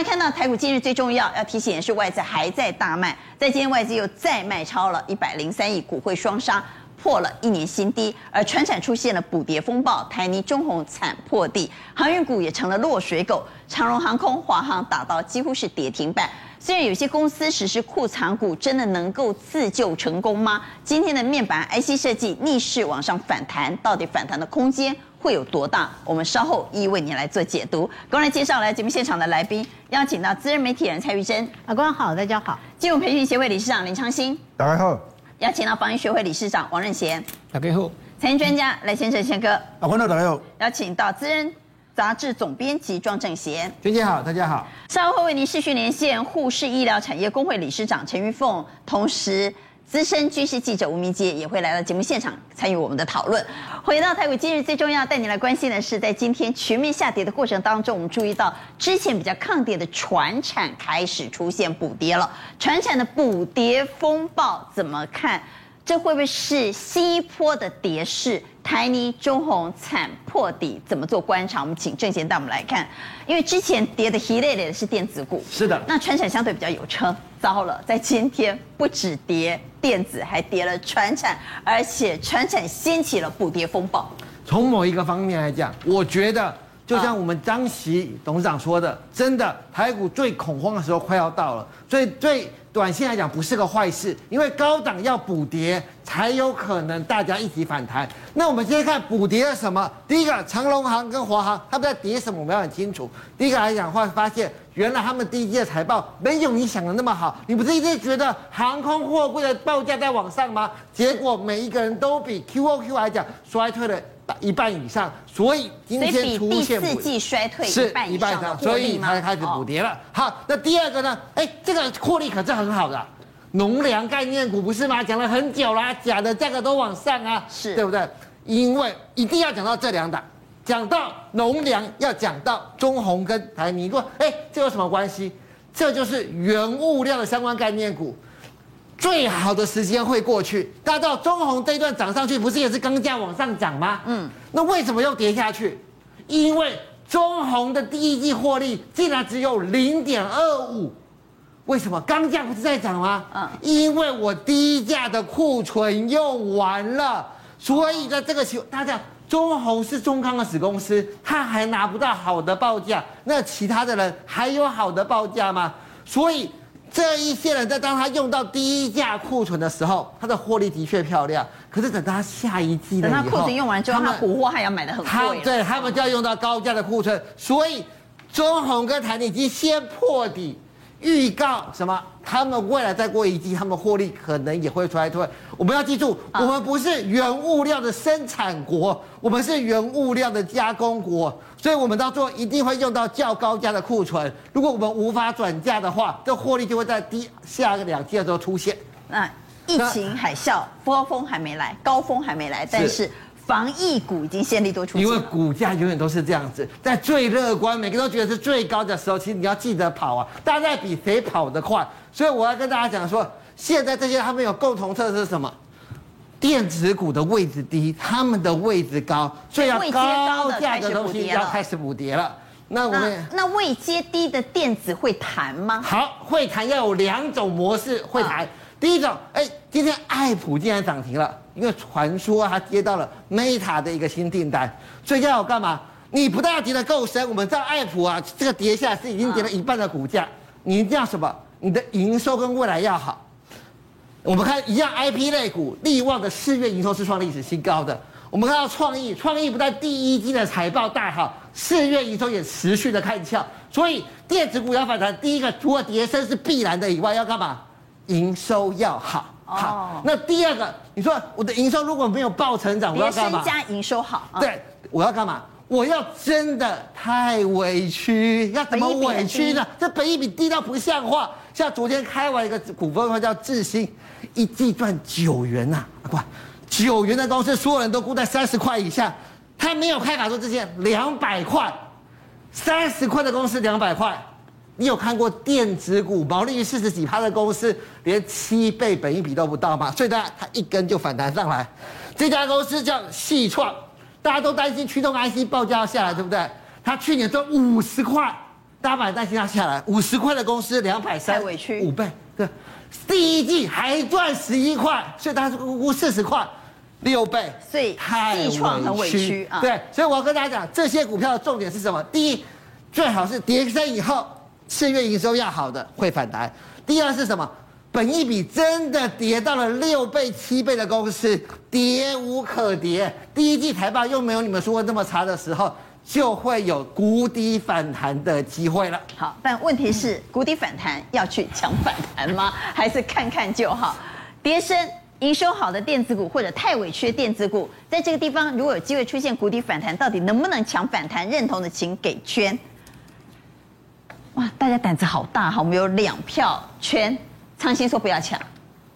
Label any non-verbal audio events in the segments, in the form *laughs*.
那看到台股今日最重要要提醒的是，外資還在大賣，在今天外資又再賣超了一百零三億，股匯雙殺。破了一年新低，而傳產出現了補跌風暴，台泥、中鴻慘破地，航運股也成了落水狗，長榮航空、華航打到幾乎是跌停板。雖然有些公司實施庫藏股，真的能夠自救成功嗎？今天的面板、IC 設計逆勢往上反彈，到底反彈的空間會有多大？我們稍後一一為你來做解讀。剛剛介紹來節目現場的來賓，邀請到資深媒體人蔡玉真，阿光好，大家好。金融培訓協會理事長林昌興，大家好。邀請到防疫學會理事長王任賢，大家好，財經專家賴憲政憲哥，大家好，家先生先生邀請到資雜誌總編輯莊正賢《資人》雜誌總編輯莊正賢，娟姐好，大家好。稍後會為您視訊連線護士醫療產業工會理事長陳玉鳳，同時，資深軍事記者吳明杰也會來到節目現場參與我們的討論。回到台股，今日最重要帶你來關心的是，在今天全面下跌的過程當中，我們注意到之前比較抗跌的傳產開始出現補跌了，傳產的補跌風暴怎麼看？這會不會是西坡的跌勢？台泥中鴻慘破底，怎麼做觀察？我們請憲政帶我們來看。因為之前跌的稀爛的是電子股，是的。那傳產相對比較有撐。糟了，在今天不止跌電子，還跌了傳產，而且傳產掀起了補跌風暴。從某一個方面來講，我覺得。就像我們張琦董事長說的，uh, 真的，台股最恐慌的時候快要到了，所以對短線來講不是個壞事，因為高檔要補跌才有可能大家一起反彈。那我們今天看補跌的什麼？第一個，長榮航跟華航，他們在跌什麼？我們要很清楚。第一個來講會發現，原來他們第一季的財報沒有你想的那麼好。你不是一直覺得航空貨櫃的報價在往上嗎？結果每一個人都比 QOQ 來講衰退了。一半以上，所以今天出現季衰退是一半以上，所以它開始補跌了。好，那第二個呢？哎、欸，這個獲利可是很好的、啊，農糧概念股不是嗎？講了很久了，講的價格都往上啊，是對不對？因為一定要講到這兩檔，講到農糧，要講到中鴻跟台泥。過果哎，這有什麼關係？這就是原物料的相關概念股。最好的時間會過去，大家知道中鴻這一段漲上去，不是也是鋼價往上漲嗎？嗯，那為什麼又跌下去？因為中鴻的第一季獲利竟然只有零點二五，為什麼？鋼價不是在漲嗎？嗯、啊，因為我低價的庫存用完了，所以在這個時候，大家中鴻是中鋼的子公司，他還拿不到好的報價，那其他的人還有好的報價嗎？所以。這一些人在當他用到低價庫存的時候，他的獲利的確漂亮。可是等他下一季，等他庫存用完之後，他補貨還要買的很貴，對，他們就要用到高價的庫存，所以中宏跟台積已經先破底。預告什麼？他們未來再過一季，他們獲利可能也會衰退。我們要記住，我們不是原物料的生產國，我們是原物料的加工國，所以我們到時候一定會用到較高價的庫存。如果我們無法轉嫁的話，這獲利就會在底下個兩季的時候出現。那疫情海嘯波峰還沒來，高峰還沒來，但是。防疫股已經先利多出，因為股價永遠都是這樣子，在最樂觀，每個人都覺得是最高的時候，其實你要記得跑啊，大家在比誰跑得快。所以我要跟大家講說，現在這些他們有共同特色是什麼？電子股的位置低，他們的位置高，所以要高高的東西要開始補跌了。那我們那位階低的電子會彈嗎？好，會彈要有兩種模式會彈。第一種，哎，今天愛普竟然漲停了。因為傳說它，接到了 Meta 的一個新訂單，所以要幹嘛？你不但要跌得夠深，我們知道愛普啊，這個跌下來是已經跌了一半的股價，你要什麼？你的營收跟未來要好。我們看一樣 IP 類股，力旺的四月營收是創歷史新高的，我們看到創意，創意不但第一季的財報大好，四月營收也持續的看俏。所以電子股要反彈，第一個除了跌深是必然的以外，要幹嘛？營收要好。好，那第二個，你說我的營收如果沒有爆成長，我要幹嘛？別加營收好、嗯。對，我要幹嘛？我要真的太委屈，要怎麼委屈呢？本益比比這本益比低到不像話。像昨天開完一個股份，叫智信，一季賺九元吶、啊，快、啊、九元的公司，所有人都估在三十塊以下，他沒有開卡，說這些兩百塊，三十塊的公司兩百塊。你有看過電子股毛利率四十幾趴的公司，連七倍本益比都不到嗎？所以大家它一根就反彈上來。這家公司叫矽創，大家都擔心驅動 IC 報價要下來，對不對？它去年賺五十塊，大家把擔心它下來，五十塊的公司兩百三，委屈，五倍。對，第一季還賺十一塊，所以它是估估四十塊，六倍，所以太委屈，很委屈啊。對，所以我要跟大家講，這些股票的重點是什麼？第一，最好是跌升以後。四月營收要好的會反彈。第二是什麼？本益比真的跌到了六倍、七倍的公司，跌無可跌。第一季財報又沒有你們說的那麼差的時候，就會有谷底反彈的機會了。好，但問題是，谷底反彈要去搶反彈嗎？還是看看就好？跌深、營收好的電子股，或者太委屈的電子股，在這個地方如果有機會出現谷底反彈，到底能不能搶反彈？認同的請給圈。哇，大家膽子好大，好沒，我們有兩票圈，昌興說不要搶。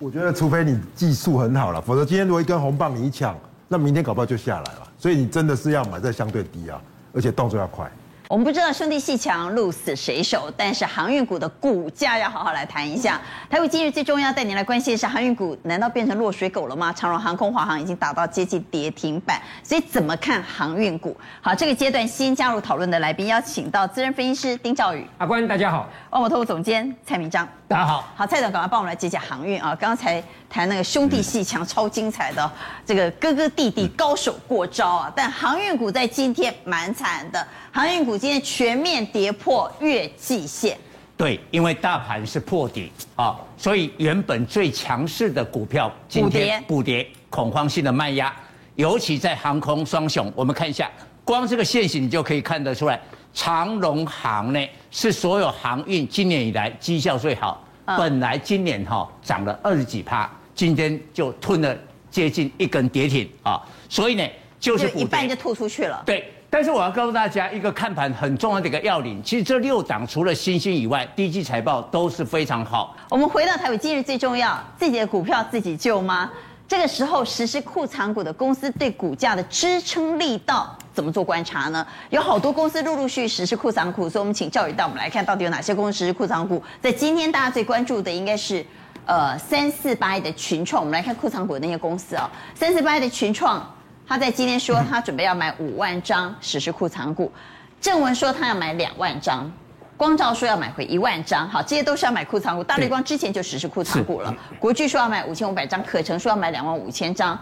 我覺得除非你技術很好了，否則今天如果一根紅棒，你一搶，那明天搞不好就下來了。所以你真的是要買在相對低啊，而且動作要快。我們不知道兄弟鬩牆鹿死誰手，但是航運股的股價要好好來談一下。台股今日最重要帶您來關心的是，航運股難道變成落水狗了嗎？長榮航空、華航已經打到接近跌停板，所以怎麼看航運股？好，這個階段新加入討論的來賓，邀請到資深分析師丁兆宇，阿關大家好，萬寶投顧總監蔡明彰。大、啊、家好，好蔡總，趕快幫我們來解解航運啊！剛才談那個兄弟鬩牆超精彩的、嗯、這個哥哥弟弟高手過招啊，但航運股在今天蠻慘的，航運股今天全面跌破月季線。對，因為大盤是破底啊，所以原本最強勢的股票今天補跌，恐慌性的賣壓，尤其在航空雙雄，我們看一下，光這個線型你就可以看得出來。長榮航呢是所有航運今年以來績效最好，嗯、本來今年哈、哦、漲了二十幾趴，今天就吞了接近一根跌停啊、哦，所以呢就是就一半就吐出去了。對，但是我要告訴大家一個看盤很重要的一個要領，其實這六檔除了新興以外，低級財報都是非常好。我們回到台北，今日最重要自己的股票自己救嗎？這個時候實施庫藏股的公司對股價的支撐力道怎麼做觀察呢？有好多公司陸陸續實施庫藏股，所以我們請教兆宇我們來看到底有哪些公司實施庫藏股。在今天大家最關注的應該是，呃，三四八一的群創，我們來看庫藏股的那些公司啊、哦。三四八一的群創，他在今天說他準備要買五萬張實施庫藏股，正文說他要買兩萬張。光罩說要買回一萬張，好，這些都是要買庫藏股。大立光之前就實施庫藏股了。國巨說要買五千五百張，可成說要買兩萬五千張，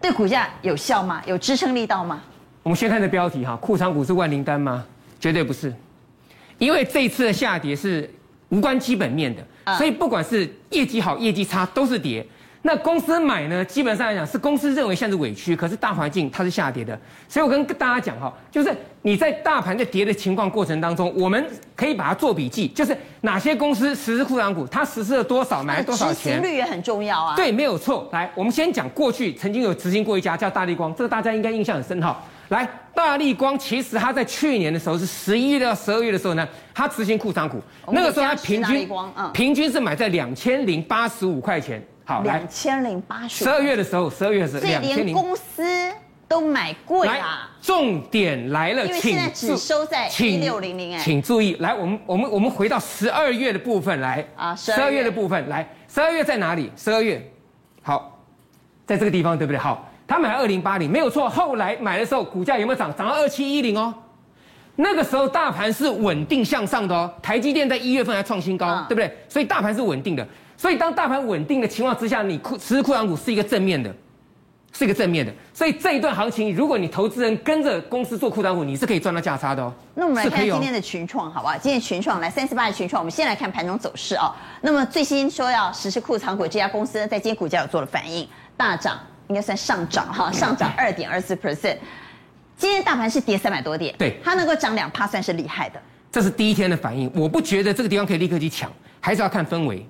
對股價有效嗎？有支撐力道嗎？我們先看這標題哈，庫藏股是萬靈丹嗎？絕對不是，因為這一次的下跌是無關基本面的、嗯，所以不管是業績好、業績差都是跌。那公司買呢？基本上來講，是公司認為像是委屈，可是大環境它是下跌的。所以我跟大家講哈，就是你在大盤在跌的情況過程當中，我們可以把它做筆記，就是哪些公司實施庫藏股，它實施了多少，買了多少錢。頻率也很重要啊。對，沒有錯。來，我們先講過去曾經有執行過一家叫大立光，這個大家應該印象很深哈。來，大立光其實它在去年的時候是十一月到十二月的時候呢，它執行庫藏股、嗯，那個時候它平均平均是買在兩千零八十五塊錢。兩千零八十。十二月的時候，十二月的時候。所以連公司都買貴了，啊。重點來了，因為現在只收在七六零零哎，請注意，來，我們我們我們回到十二月的部分來啊，十二月的部分來，十二月在哪裡？十二月，好，在這個地方對不對？好，他買二零八零沒有錯，後來買的時候股價有沒有漲？漲到二七一零哦，那個時候大盤是穩定向上的哦，台積電在一月份還創新高，嗯，對不對？所以大盤是穩定的。所以，當大盤穩定的情況之下，你實施庫藏股是一個正面的，是一個正面的。所以這一段行情，如果你投資人跟着公司做庫藏股，你是可以賺到價差的哦。那我們來看一下今天的群創，好不好？今天群創來三四八的群創，我們先來看盤中走勢啊、哦。那麼最新說要實施庫藏股，這家公司在今天股價有做了反應，大漲，應該算上漲哈，上漲二點二四 percent。今天大盤是跌三百多點，對，它能夠漲兩趴算是厲害的。這是第一天的反應，我不覺得這個地方可以立刻去搶，還是要看氛圍。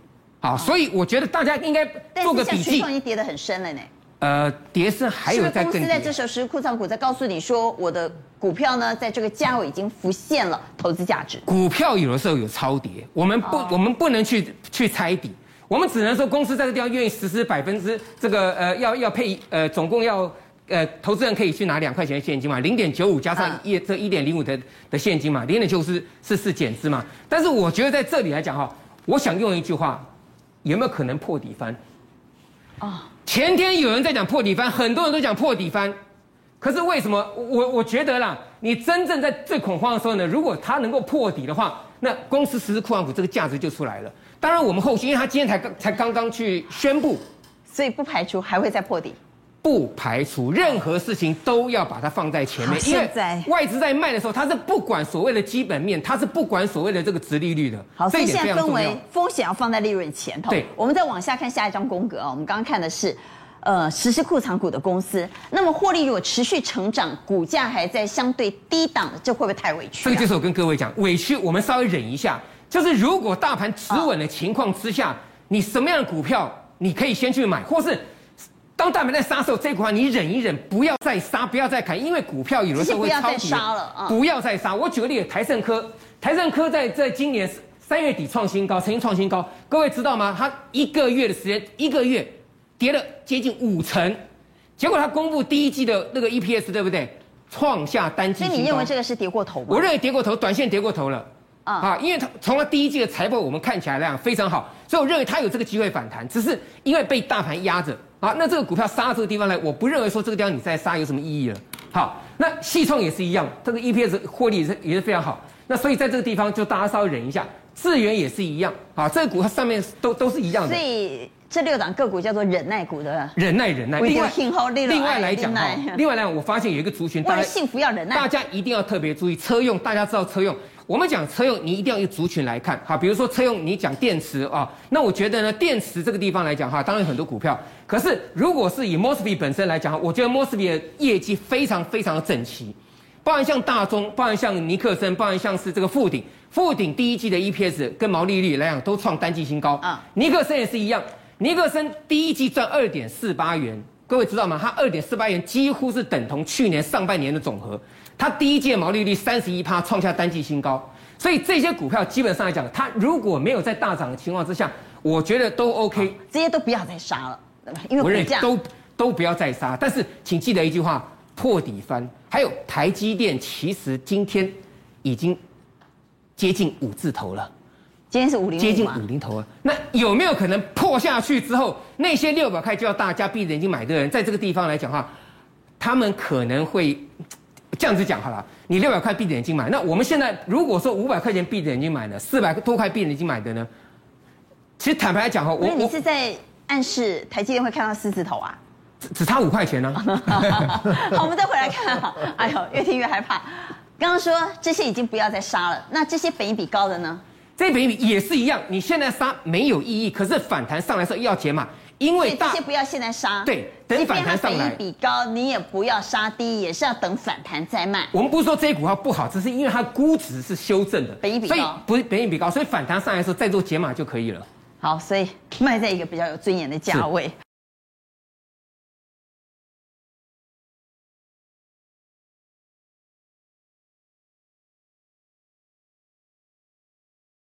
好，所以我覺得大家應該做個筆記。但是已經跌得很深了呢。呃，跌是，還有在更低。是是公司在這時候庫藏股，在告訴你說，我的股票呢，在這個價位已經浮現了投資價值？股票有的時候有超跌，我們不，我們不能去去猜底，我們只能說公司在這地方願意實施百分之這個呃，要要配呃，總共要呃，投資人可以去拿兩塊錢的現金嘛，零點九五加上一、uh、這一點零五的的現金嘛，零點九五是是是減資嘛。但是我覺得在這裡來講哈、哦，我想用一句話。有沒有可能破底翻？啊、oh.，前天有人在講破底翻，很多人都講破底翻，可是為什麼我我覺得啦，你真正在最恐慌的時候呢？如果它能夠破底的話，那公司實施庫藏股這個價值，就出來了。當然，我們後續，因為他今天才剛才剛剛去宣布，所以不排除還會再破底。不排除任何事情都要把它放在前面，因為外資在賣的時候，它是不管所謂的基本面，它是不管所謂的這個殖利率的。好，所以現在分為風險要放在利潤前頭。對，我們再往下看下一張宮格啊，我們剛剛看的是，呃，實施庫藏股的公司，那麼獲利如果持續成長，股價還在相對低檔，這會不會太委屈？啊？這個就是我跟各位講，委屈我們稍微忍一下，就是如果大盤持穩的情況之下，哦、你什麼樣的股票你可以先去買，或是。當大盤在殺的時候，這句話你忍一忍，不要再殺，不要再砍，因為股票有的時候會超級。不要再殺了啊！不要再殺。我舉個例子，台勝科，台勝科在在今年三月底創新高，曾經創新高，各位知道嗎？它一個月的時間，一個月跌了接近五成，結果它公布第一季的那個 EPS，對不對？創下單季。所以你認為這個是跌過頭嗎？我認為跌過頭，短線跌過頭了啊！啊，因為它從它第一季的財報我們看起來那樣非常好，所以我認為它有這個機會反彈，只是因為被大盤壓着。好，那這個股票殺到這個地方來，我不認為說這個地方你再殺有什麼意義了。好，那矽創也是一樣，這個 EPS 獲利也是也是非常好。那所以在這個地方就大家稍微忍一下。智原也是一樣，啊，這個股它上面都都是一樣的。所以這六檔個股叫做忍耐股的忍耐，忍耐。另外，我好另外來講哈，另外來講，我發現有一個族群，當然幸福要忍耐，大家一定要特別注意車用，大家知道車用。我們講車用，你一定要用族群來看哈。比如說車用，你講電池啊，那我覺得呢，電池這個地方來講哈、啊，當然有很多股票。可是如果是以 MOSFET 本身來講，我覺得 MOSFET 的業績非常非常的整齊。包含像大中，包含像尼克森，包含像是這個富鼎。富鼎第一季的 EPS 跟毛利率來講都創單季新高啊。Uh. 尼克森也是一樣，尼克森第一季賺二點四八元，各位知道嗎？它二點四八元幾乎是等同去年上半年的總和。他第一季毛利率三十一趴，創下單季新高，所以這些股票基本上來講，他如果沒有在大漲的情況之下，我覺得都 OK、啊、這些都不要再殺了，因為我認為都都不要再殺。但是請記得一句話：破底翻。還有台積電，其實今天已經接近五字頭了，今天是五零接近五零頭了。那有沒有可能破下去之後，那些六百塊就要大家閉着眼睛買的人，在這個地方來講的話，他們可能會。這樣子講好了，你六百塊閉着眼睛買。那我們現在如果說五百塊錢閉着眼睛買的，四百多塊閉着眼睛買的呢？其實坦白來講哈，我是你是在暗示台積電會看到四字頭啊？只只差五塊錢呢、啊。 *laughs* *laughs* *laughs* 好，我們再回來看啊。哎呦，越聽越害怕。剛剛說這些已經不要再殺了，那這些本益比高的呢？這些本益比也是一樣，你現在殺沒有意義，可是反彈上來時候要解碼。因為這些不要現在殺，對，等反彈上來一比高，你也不要殺低，也是要等反彈再賣。我們不是說這些股票不好，只是因為它估值是修正的，等一比高，所以不是比一比高，所以反彈上來的時候再做減碼就可以了。好，所以賣在一個比較有尊嚴的價位。